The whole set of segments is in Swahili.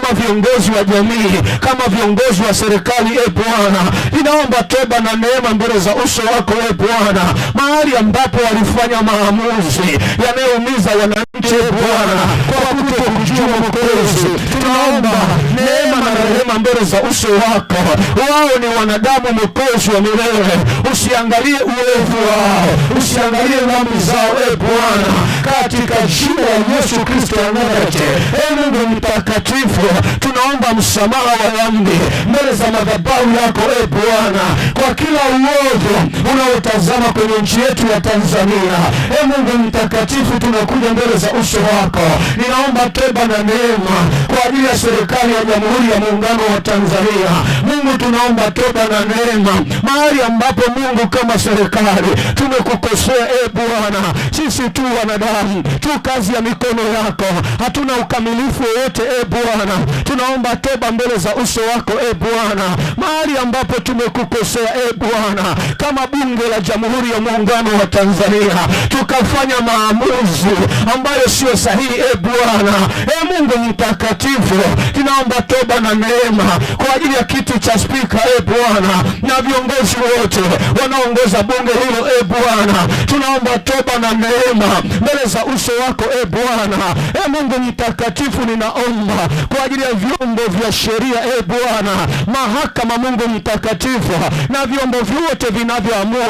kama viongozi wa jamii, kama viongozi wa serikali. E Bwana, inaomba toba na neema mbele za uso wako e Bwana, mahali ambapo walifanya maamuzi yanayoumiza wananchi e Bwana, kwa kutokujua Mwokozi, tunaomba neema rehema mbele za uso wako. Wao ni wanadamu mwokozi wa milele, usiangalie uovu wao, usiangalie dhambi zao, e Bwana, katika jina la Yesu Kristo wa Nazareti. E Mungu mtakatifu, tunaomba msamaha wa dhambi mbele za madhabahu yako, e Bwana, kwa kila uovu unaotazama kwenye nchi yetu ya Tanzania. E Mungu mtakatifu, tunakuja mbele za uso wako, ninaomba toba na neema kwa ajili ya serikali ya Jamhuri ya muungano wa Tanzania. Mungu tunaomba toba na neema, mahali ambapo Mungu kama serikali tumekukosea. E Bwana, sisi tu wanadamu tu, kazi ya mikono yako, hatuna ukamilifu wowote. E Bwana, tunaomba toba mbele za uso wako. E Bwana, mahali ambapo tumekukosea, e Bwana, kama bunge la Jamhuri ya Muungano wa Tanzania tukafanya maamuzi ambayo sio sahihi. E Bwana, e Mungu mtakatifu, tunaomba toba na neema kwa ajili ya kiti cha spika, e Bwana, na viongozi wote wanaongoza bunge hilo, e Bwana, tunaomba toba na neema mbele za uso wako, e Bwana. E Mungu mtakatifu, ninaomba kwa ajili ya vyombo vya sheria, e Bwana, mahakama, Mungu mtakatifu, na vyombo vyote vinavyoamua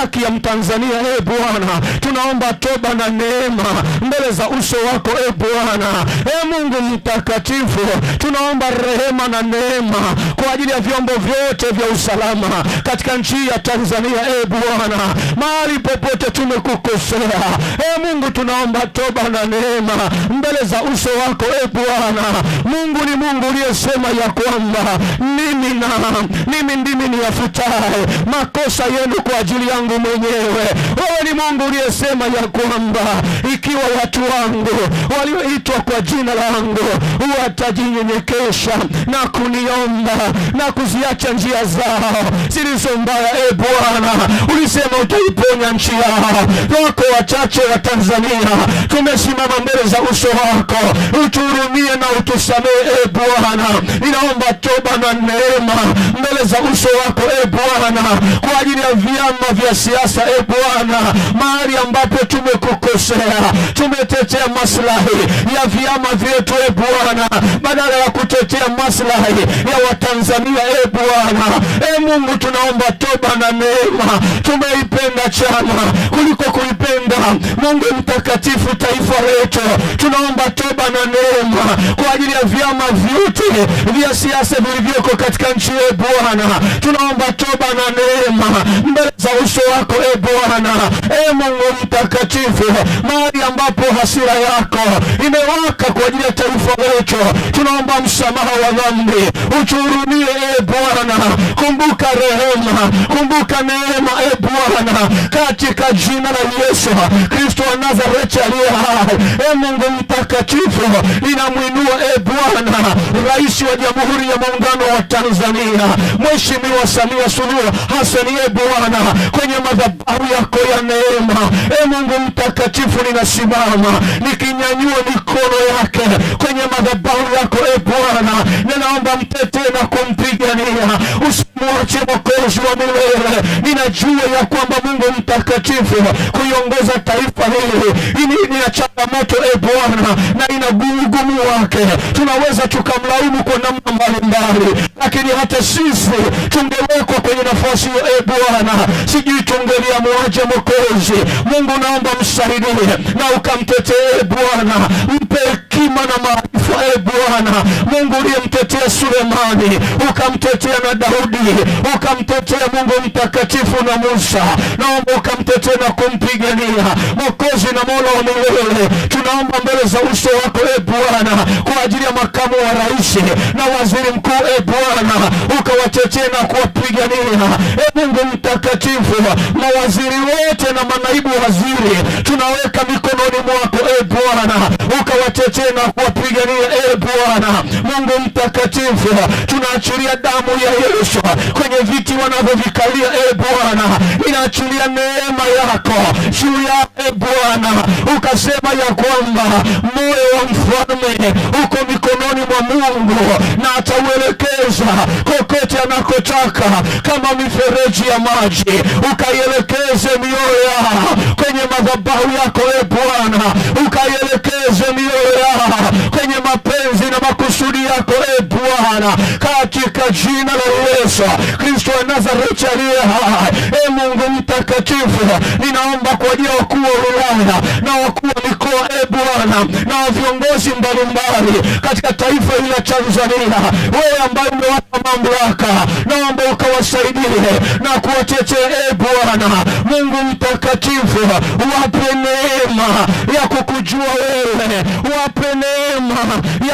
haki ya Mtanzania, e Bwana, tunaomba toba na neema mbele za uso wako, e Bwana. E Mungu mtakatifu, tunaomba rehe rehema na neema kwa ajili ya vyombo vyote vya usalama katika nchi ya Tanzania. E Bwana, mahali popote tumekukosea, e Mungu, tunaomba toba na neema mbele za uso wako. E Bwana Mungu, ni Mungu uliyesema ya kwamba mimi na mimi ndimi niyafutaye makosa yenu kwa ajili yangu mwenyewe. Wewe ni Mungu uliyesema ya kwamba ikiwa watu wangu walioitwa kwa jina langu watajinyenyekesha na kuniomba na kuziacha njia zao zilizo mbaya. E Bwana, ulisema utaiponya nchi yao. Wako wachache wa Tanzania tumesimama mbele za uso wako, utuhurumie na utusamehe. E Bwana, ninaomba toba na neema mbele za uso wako e Bwana, kwa ajili ya vyama vya siasa e Bwana, mahali ambapo tumekukosea, tumetetea maslahi ya vyama vyetu e Bwana, badala ya kutetea maslahi ya Watanzania. E Bwana, e Mungu, tunaomba toba na neema. Tumeipenda chama kuliko kuipenda Mungu mtakatifu taifa letu. Tunaomba toba na neema kwa ajili ya vyama vyote vya siasa vilivyoko katika nchi. E Bwana, tunaomba toba na neema mbele za uso wako e Bwana, e Mungu mtakatifu, mahali ambapo hasira yako imewaka kwa ajili ya taifa letu, tunaomba msamaha wa dhambi, uchurumie e Bwana, kumbuka rehema, kumbuka neema e Bwana, katika jina la Yesu Kristo wa Nazareti aliye hai. E Mungu mtakatifu, ninamwinua e Bwana Rais wa Jamhuri ya Muungano wa Tanzania Mheshimiwa Samia Suluhu Hassan e Bwana kwenye madhabahu yako ya neema. E Mungu mtakatifu, ninasimama nikinyanyua mikono yake kwenye madhabahu yako e Bwana ninaomba mtetee na kumpigania, usimwache Mwokozi wa milele. Ninajua ya kwamba Mungu mtakatifu kuiongoza taifa hili ni ya changamoto e Bwana, na ina gumu wake. Tunaweza tukamlaumu kwa namna mbalimbali, lakini hata sisi tungewekwa kwenye nafasi hiyo e Bwana, sijui tungelia tungeliamwaje Mwokozi. Mungu naomba msaidie na ukamtetee e Bwana, mpe hekima na maarifa. E Bwana Mungu uliyemtetea Sulemani, ukamtetea na Daudi, ukamtetea Mungu mtakatifu na Musa, naomba ukamtetea na kumpigania Mwokozi na Mola wa milele. Tunaomba mbele za uso wako e Bwana kwa ajili ya makamu wa rais na waziri mkuu e Bwana, ukawatetea na kuwapigania. E Mungu mtakatifu, mawaziri wote na manaibu waziri tunaweka mikononi mwako e Bwana ukawachechee na kuwapigania. E Bwana Mungu mtakatifu, tunaachilia damu ya Yesu kwenye viti wanavyovikalia E Bwana, inaachilia neema yako juu ya E Bwana, ukasema ya kwamba moyo wa mfalme uko mikononi mwa Mungu na atauelekeza kokote anakotaka, kama mifereji ya maji. Ukaielekeze mioyo yao kwenye madhabahu yako E Bwana, ukaielekeze iliyo raha kwenye mapenzi na makusudi yako ebu Bwana, katika jina la Yesu Kristo wa Nazareti aliye hai. E Mungu mtakatifu, ninaomba kwa ajili ya wakuu wa wilaya na wakuu wa mikoa, e Bwana, na viongozi mbalimbali katika taifa hili la Tanzania, wewe ambaye umewapa mamlaka, naomba ukawasaidie na kuwatetea, e Bwana Mungu mtakatifu, wape neema ya kukujua wewe, wape neema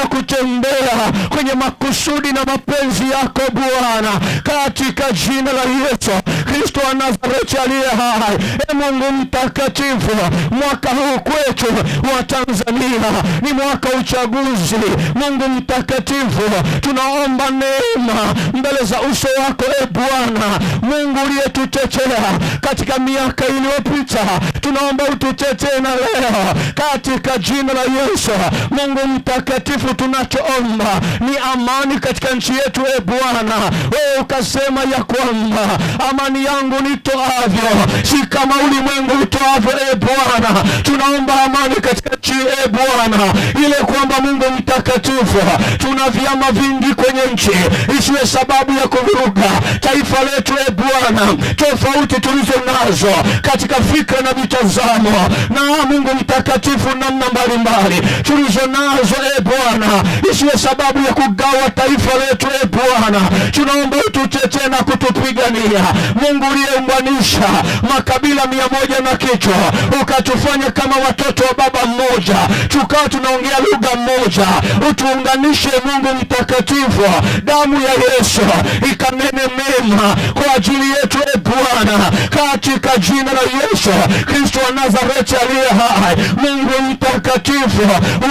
ya kutembea kwenye makusudi makusudi na mapenzi yako Bwana, katika jina la Yesu Kristo wa Nazareti aliye hai. E Mungu mtakatifu, mwaka huu kwetu wa Tanzania ni mwaka uchaguzi. Mungu mtakatifu, tunaomba neema mbele za uso wako, e Bwana Mungu uliyetutetea katika miaka iliyopita, tunaomba ututetee na leo katika jina la Yesu. Mungu mtakatifu, tunachoomba ni amani katika nchi yetu. E Bwana, wewe ukasema ya kwamba amani yangu nitoavyo si kama ulimwengu utoavyo. E Bwana, tunaomba amani katika e Bwana, ile kwamba Mungu mtakatifu, tuna vyama vingi kwenye nchi, isiwe sababu ya kuvuruga taifa letu e Bwana, tofauti tulizo nazo katika fikra na mitazamo, na Mungu mtakatifu, namna mbalimbali tulizo nazo e Bwana, isiwe sababu ya kugawa taifa letu e Bwana, tunaomba ututetee na kutupigania Mungu uliyeunganisha makabila mia moja na kichwa ukatufanya kama watoto wa baba mmoja moja, tukawa tunaongea lugha moja, utuunganishe Mungu mtakatifu. Damu ya Yesu ikanene mema kwa ajili yetu, e Bwana, katika jina la Yesu Kristo wa Nazareti aliye hai. Mungu mtakatifu,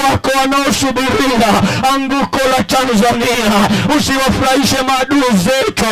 wako wanaosubiria anguko la Tanzania, usiwafurahishe maadui zetu.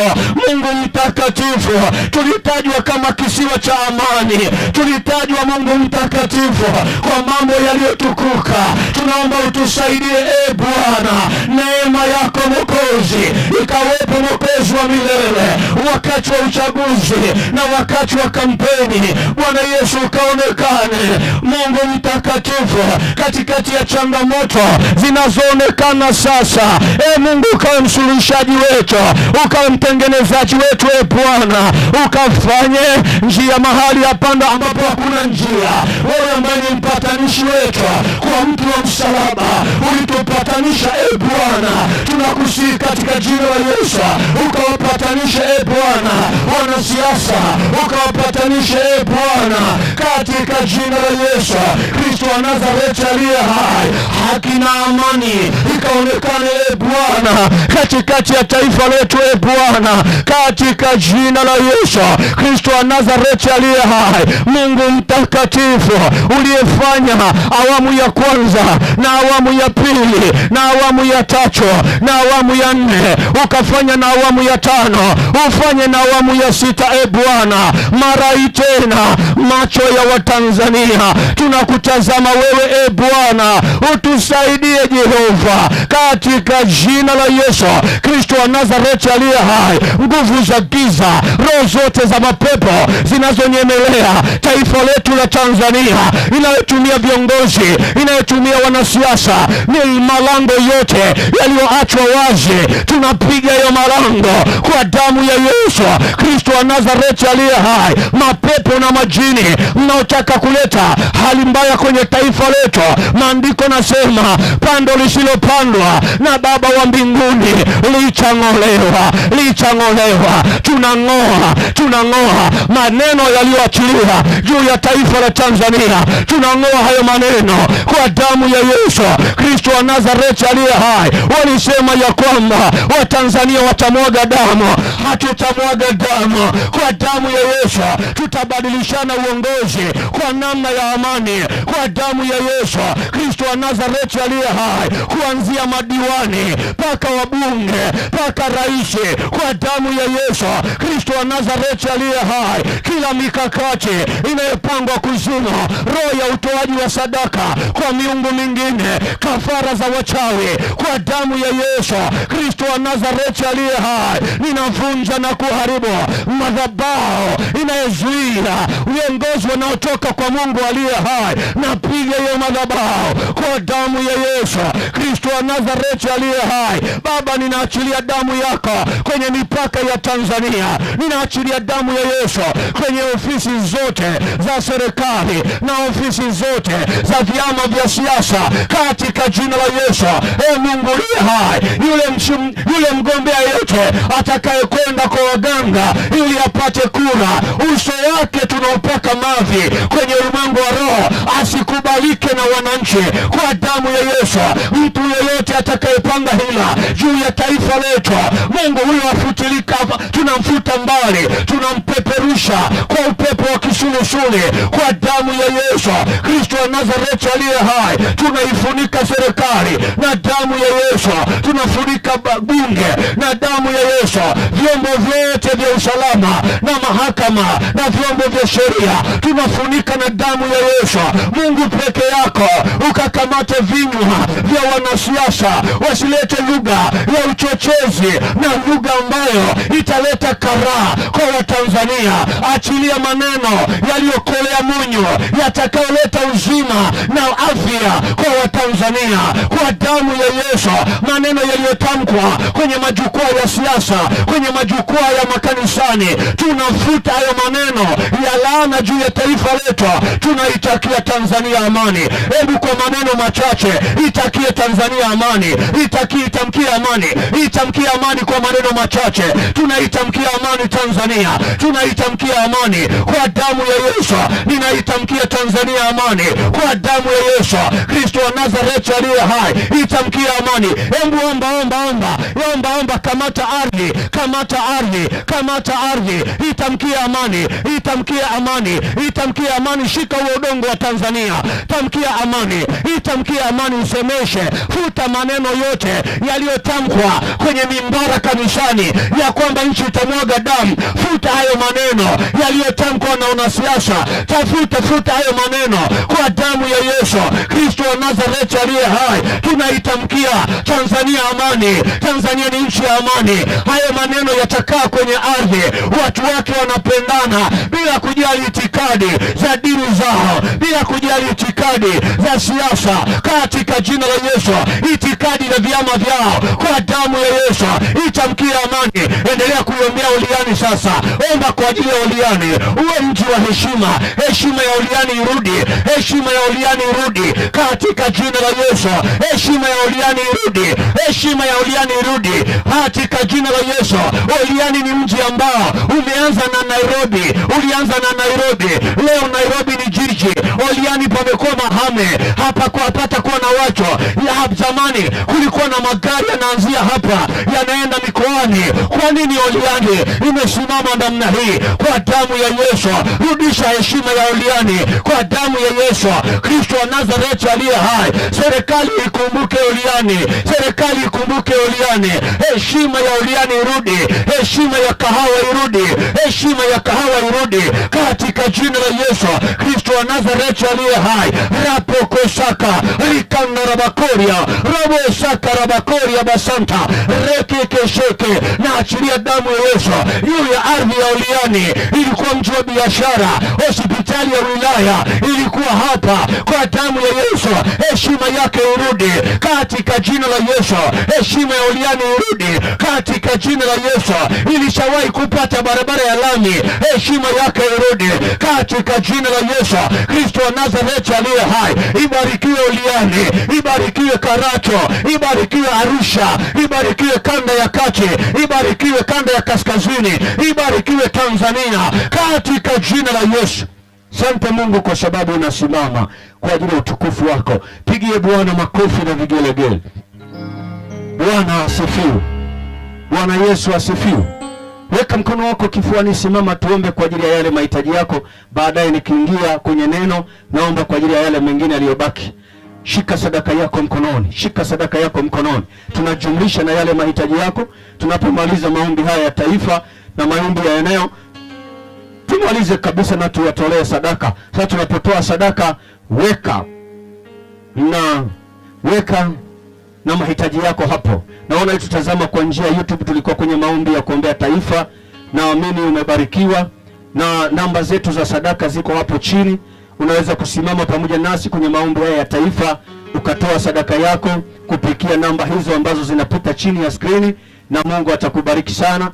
Mungu mtakatifu, tulitajwa kama kisiwa cha amani, tulitajwa Mungu mtakatifu kwa mambo yaliyo uliotukuka, tunaomba utusaidie e Bwana, neema yako Mokozi ikawepo Mokozi wa milele, wakati wa uchaguzi na wakati wa kampeni, Bwana Yesu ukaonekane, Mungu mtakatifu, katikati ya changamoto zinazoonekana sasa, e Mungu ukawe msuluhishaji wetu, ukawe mtengenezaji wetu, e Bwana, ukafanye njia mahali hapanda ambapo hakuna njia, wewe ambaye ni mpatanishi wetu kuwa kwa mtu wa msalaba ulipopatanisha e Bwana, tunakusihi katika jina la Yesu, ukawapatanisha e Bwana wanasiasa, ukawapatanisha e Bwana katika jina la Yesu Kristo wa Nazareti aliye hai. Haki na amani ikaonekane e Bwana katikati ya taifa letu e Bwana katika jina la Yesu Kristo wa Nazareti aliye hai. Mungu mtakatifu uliyefanya awamu ya kwanza na awamu ya pili na awamu ya tatu na awamu ya nne, ukafanya na awamu ya tano, ufanye na awamu ya sita. E Bwana, marai tena macho ya Watanzania tunakutazama wewe, e Bwana, utusaidie Jehova, katika jina la Yesu Kristo wa Nazareti aliye hai. Nguvu za giza, roho zote za mapepo zinazonyemelea taifa letu la Tanzania, inayotumia viongozi nchi inayotumia wanasiasa ni malango yote yaliyoachwa wazi. Tunapiga hiyo malango kwa damu ya Yesu Kristo wa Nazareti aliye hai. Mapepo na majini mnaotaka kuleta hali mbaya kwenye taifa letu, maandiko nasema pando lisilopandwa na Baba wa mbinguni lichang'olewa, lichang'olewa. Tunang'oa, tunang'oa maneno yaliyoachiliwa juu ya taifa la Tanzania, tunang'oa hayo maneno agano kwa damu ya Yesu Kristo wa Nazareti aliye hai. Walisema ya kwamba Watanzania watamwaga damu, hatutamwaga damu. Kwa damu ya Yesu tutabadilishana uongozi kwa namna ya amani, kwa damu ya Yesu Kristo wa Nazareti aliye hai, kuanzia madiwani mpaka wabunge mpaka raisi, kwa damu ya Yesu Kristo wa Nazareti aliye hai, kila mikakati inayopangwa kuzimu roho ya utoaji wa sadaka kutumika kwa miungu mingine, kafara za wachawi. Kwa damu ya Yesu Kristo wa Nazareti aliye hai, ninavunja na kuharibu madhabahu inayozuia uongozi wanaotoka kwa Mungu aliye hai. Napiga hiyo madhabahu kwa damu ya Yesu Kristo wa Nazareti aliye hai. Baba, ninaachilia damu yako kwenye mipaka ya Tanzania, ninaachilia damu ya Yesu kwenye ofisi zote za serikali na ofisi zote za vyama vya siasa katika jina la Yesu. E Mungu liye hai, yule, yule mgombea yote atakayekwenda kwa waganga ili apate kura, uso wake tunaupaka mavi kwenye ulimwengu wa roho, asikubalike na wananchi kwa damu ya Yesu. Mtu yeyote atakayepanga hila juu ya taifa letu, Mungu huyo afutilika, tunamfuta mbali, tunampeperusha kwa upepo wa kisulusuli kwa damu ya Yesu Kristo wa Nazareti macho aliye hai, tunaifunika serikali na damu ya Yesu, tunafunika bunge na damu ya Yesu, vyombo vyote vya usalama na mahakama na vyombo vya sheria tunafunika na damu ya Yesu. Mungu peke yako ukakamate vinywa vya wanasiasa wasilete lugha ya uchochezi na lugha ambayo italeta karaa kwa Watanzania. Achilia maneno yaliyokolea munyu yatakayoleta uzima na afya kwa Watanzania kwa damu ya Yesu. Maneno yaliyotamkwa kwenye majukwaa ya siasa, kwenye majukwaa ya makanisani, tunafuta hayo maneno ya laana juu ya taifa letu. Tunaitakia Tanzania amani. Hebu kwa maneno machache itakie Tanzania amani, itakie, itamkia amani, itamkia amani kwa maneno machache. Tunaitamkia amani Tanzania, tunaitamkia amani kwa damu ya Yesu. Ninaitamkia Tanzania amani kwa damu damu ya Yesu Kristo wa Nazareti aliye hai, itamkia amani. Hebu omba omba omba omba omba, kamata ardhi, kamata ardhi, kamata ardhi, itamkia amani, itamkia amani, itamkia amani. Shika huo udongo wa Tanzania, tamkia amani, itamkia amani, usemeshe, futa maneno yote yaliyotamkwa kwenye mimbara kanisani ya kwamba nchi itamwaga damu. Futa hayo maneno yaliyotamkwa na wanasiasa, tafuta futa hayo maneno kwa damu ya Yesu Kristo wa Nazareti aliye hai, tunaitamkia Tanzania amani. Tanzania ni nchi ya amani. Haya maneno yatakaa kwenye ardhi, watu wake wanapendana bila kujali itikadi za dini zao, bila kujali itikadi za siasa, katika jina la Yesu, itikadi na vyama vyao, kwa damu ya Yesu itamkia amani. Endelea kuiombea Oliani sasa, omba kwa ajili ya Oliani, uwe mji wa heshima. Heshima ya Oliani irudi, heshima ya Uliani Uliani irudi katika jina la Yesu. Heshima ya Uliani irudi, heshima ya Uliani irudi katika jina la Yesu. Uliani ni mji ambao umeanza na Nairobi, ulianza na Nairobi, leo Nairobi ni jiji. Uliani pamekuwa mahame, kuwa na watu ya zamani. Kulikuwa na magari yanaanzia hapa yanaenda mikoani. Kwa nini Uliani imesimama namna hii? Kwa damu ya Yesu. Rudisha heshima ya Uliani kwa damu ya Yesu. Kristo wa Nazareti aliye hai. Serikali ikumbuke Oliani, serikali ikumbuke Oliani, heshima ya Oliani irudi, heshima ya kahawa irudi, heshima ya kahawa irudi katika jina la Yesu Kristo wa Nazareti aliye hai. rapokosaka rikanarabakoria rabakoria basanta rekekesheke na achilia damu ya Yesu juu ya ardhi ya Oliani. Ilikuwa mji wa biashara, hospitali ya wilaya ilikuwa hapa kwa damu ya Yesu, heshima yake urudi katika jina la Yesu, heshima ya uliani urudi katika jina la Yesu. Ilishawahi kupata barabara ya lami, heshima yake urudi katika jina la Yesu. Kristo wa Nazareti aliye hai, ibarikiwe Oliani, ibarikiwe Karacho, ibarikiwe Arusha, ibarikiwe kanda ya kati, ibarikiwe kanda ya kaskazini, ibarikiwe Tanzania katika jina la Yesu. Sante Mungu kwa sababu unasimama kwa ajili ya utukufu wako. Pigie Bwana makofi na vigelegele. Bwana asifiwe. Bwana Yesu asifiwe. Weka mkono wako kifuani, simama tuombe kwa ajili ya yale mahitaji yako. Baadaye nikiingia kwenye neno, naomba kwa ajili ya yale mengine yaliyobaki. Shika sadaka yako mkononi, shika sadaka yako mkononi. Tunajumlisha na yale mahitaji yako tunapomaliza maombi haya ya taifa na maombi ya eneo, tumalize kabisa na tuwatolee sadaka. Sasa tunapotoa sadaka weka na weka na mahitaji yako hapo. Naona itutazama kwa njia ya YouTube, tulikuwa kwenye maombi ya kuombea taifa. Naamini umebarikiwa na namba zetu za sadaka ziko hapo chini. Unaweza kusimama pamoja nasi kwenye maombi haya ya taifa ukatoa sadaka yako kupitia namba hizo ambazo zinapita chini ya skrini, na Mungu atakubariki sana.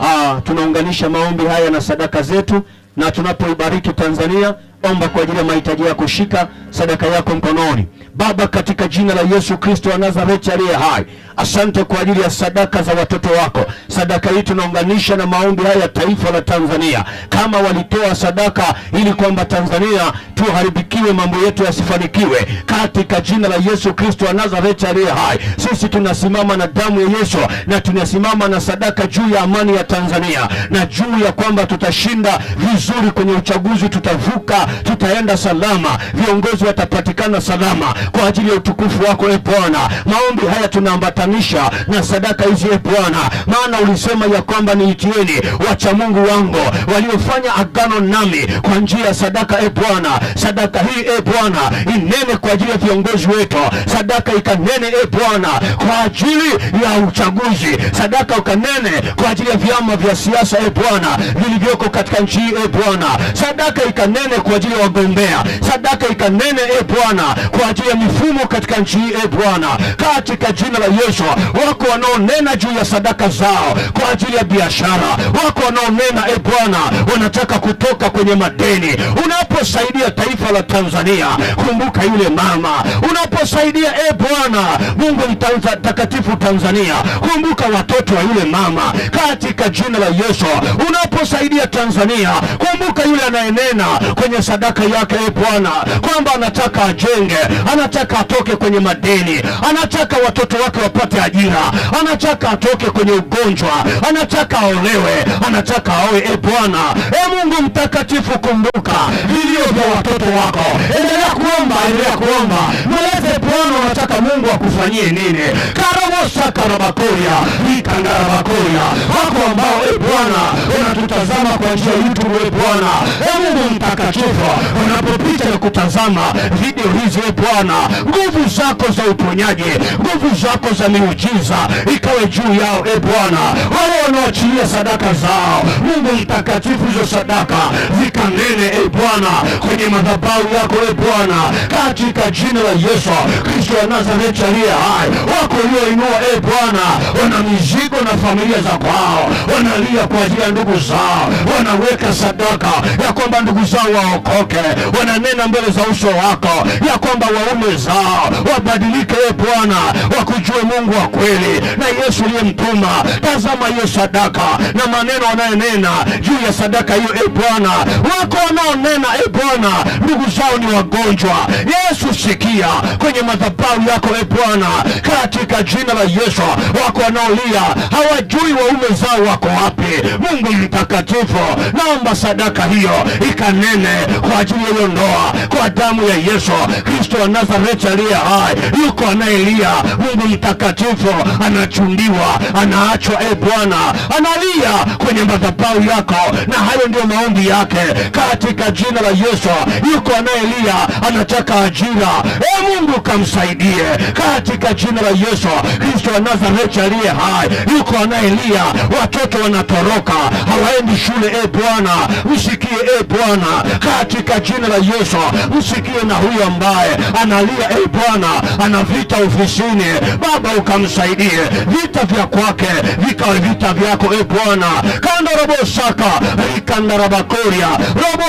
Aa, ah, tunaunganisha maombi haya na sadaka zetu, na tunapoibariki Tanzania omba kwa ajili ya mahitaji yako, shika sadaka yako mkononi. Baba, katika jina la Yesu Kristo wa Nazareti aliye hai, asante kwa ajili ya sadaka za watoto wako. Sadaka hii tunaunganisha na maombi haya ya taifa la Tanzania, kama walitoa sadaka ili kwamba Tanzania tuharibikiwe, mambo yetu yasifanikiwe, katika jina la Yesu Kristo wa Nazareti aliye hai, sisi tunasimama na damu ya Yesu na tunasimama na sadaka juu ya amani ya Tanzania na juu ya kwamba tutashinda vizuri kwenye uchaguzi, tutavuka tutaenda salama, viongozi watapatikana salama kwa ajili ya utukufu wako e Bwana. Maombi haya tunaambatanisha na sadaka hizi e Bwana, maana ulisema ya kwamba niitieni wacha Mungu wangu waliofanya agano nami kwa njia ya sadaka e Bwana. Sadaka hii e Bwana inene kwa ajili ya viongozi wetu, sadaka ikanene e Bwana kwa ajili ya uchaguzi, sadaka ukanene kwa ajili ya vyama vya siasa e Bwana vilivyoko katika nchi hii e Bwana, sadaka ikanene kwa ajili ya wagombea, sadaka ikanene, e Bwana, kwa ajili ya mifumo katika nchi hii, e Bwana, katika jina la Yesu. Wako wanaonena juu ya sadaka zao kwa ajili ya biashara, wako wanaonena e Bwana, wanataka kutoka kwenye madeni Unapo unaposaidia taifa la Tanzania, kumbuka yule mama. Unaposaidia e Bwana Mungu mtakatifu Tanzania, kumbuka watoto wa yule mama katika jina la Yesu. Unaposaidia Tanzania, kumbuka yule anayenena kwenye sadaka yake e Bwana kwamba anataka ajenge, anataka atoke kwenye madeni, anataka watoto wake wapate ajira, anataka atoke kwenye ugonjwa, anataka aolewe, anataka aoe. E Bwana, e Mungu mtakatifu, kumbuka hili vilio vya watoto wako. Endelea kuomba, endelea kuomba, mweleze Bwana unataka Mungu akufanyie nini. karabosakarabakoya ikangarabakoya wako ambao e Bwana unatutazama kwa njia YouTube, e Bwana e Mungu mtakatifu, unapopita na kutazama video hizi, e Bwana nguvu zako za uponyaji, nguvu zako za miujiza ikawe juu yao, e Bwana wale wanaoachilia sadaka zao, Mungu mtakatifu, hizo sadaka zikanene, e Bwana kwenye madhabahu yako e Bwana, katika jina la Yesu Kristo wa Nazareti aliye hai. Wako walioinua e Bwana, wana mizigo na familia za kwao, wanalia kwa ajili ya ndugu zao, wanaweka sadaka ya kwamba ndugu zao waokoke, wananena mbele za uso wako ya kwamba waume zao wabadilike, e Bwana, wakujue Mungu wa kweli na Yesu uliyemtuma. Tazama hiyo sadaka na maneno wanayonena juu ya sadaka hiyo, e Bwana, wako wanaonena e e Bwana, ndugu zao ni wagonjwa. Yesu, sikia kwenye madhabahu yako e Bwana, katika jina la Yesu. Wako wanaolia hawajui waume zao wako wapi. Mungu mtakatifu, naomba sadaka hiyo ikanene kwa ajili ya hiyo ndoa, kwa damu ya Yesu Kristo wa Nazareti aliye hai. Yuko anayelia, Mungu mtakatifu, anachundiwa, anaachwa e Bwana, analia kwenye madhabahu yako, na hayo ndiyo maombi yake katika jina la Yesu, yuko anayelia anataka ajira. E Mungu kamsaidie katika jina la Yesu Kristo wa Nazareti aliye hai. Yuko anayelia, watoto wanatoroka, hawaendi shule. E Bwana msikie, e Bwana katika jina la Yesu msikie na huyo ambaye analia, e Bwana ana vita ofisini, Baba ukamsaidie, vita vya kwake vikawe vita vyako, e Bwana kandarabosaka rikandaraba koria robo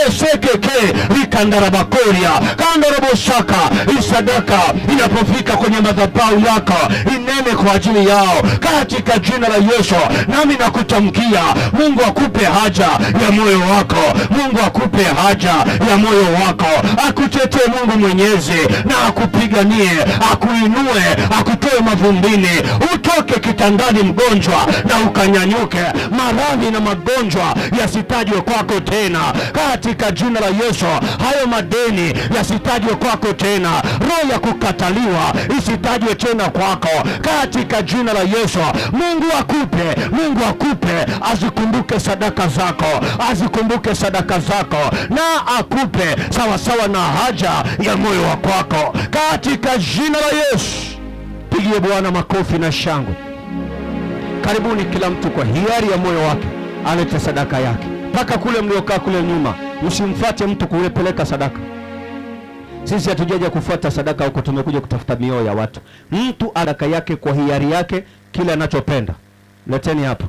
likandarabakoria kandaraboshaka. Hii sadaka inapofika kwenye madhabahu yako inene kwa ajili yao katika jina la Yesu. Nami nakutamkia Mungu akupe haja ya moyo wako, Mungu akupe haja ya moyo wako, akutetee Mungu Mwenyezi na akupiganie, akuinue, akutoe mavumbini, utoke kitandani mgonjwa na ukanyanyuke, maradhi na magonjwa yasitajwe kwako tena katika jina la Yesu kesho hayo madeni yasitajwe kwako tena, roho ya kukataliwa isitajwe tena kwako katika jina la Yesu. Mungu akupe, Mungu akupe, azikumbuke sadaka zako, azikumbuke sadaka zako na akupe sawasawa sawa na haja ya moyo wa kwako katika jina la Yesu. Pigie Bwana makofi na shangwe. Karibuni kila mtu kwa hiari ya moyo wake alete sadaka yake, mpaka kule mliokaa kule nyuma. Usimfuate mtu kupeleka sadaka. Sisi hatujaja kufuata sadaka huko, tumekuja kutafuta mioyo ya watu. Mtu araka yake kwa hiari yake, kile anachopenda leteni hapa.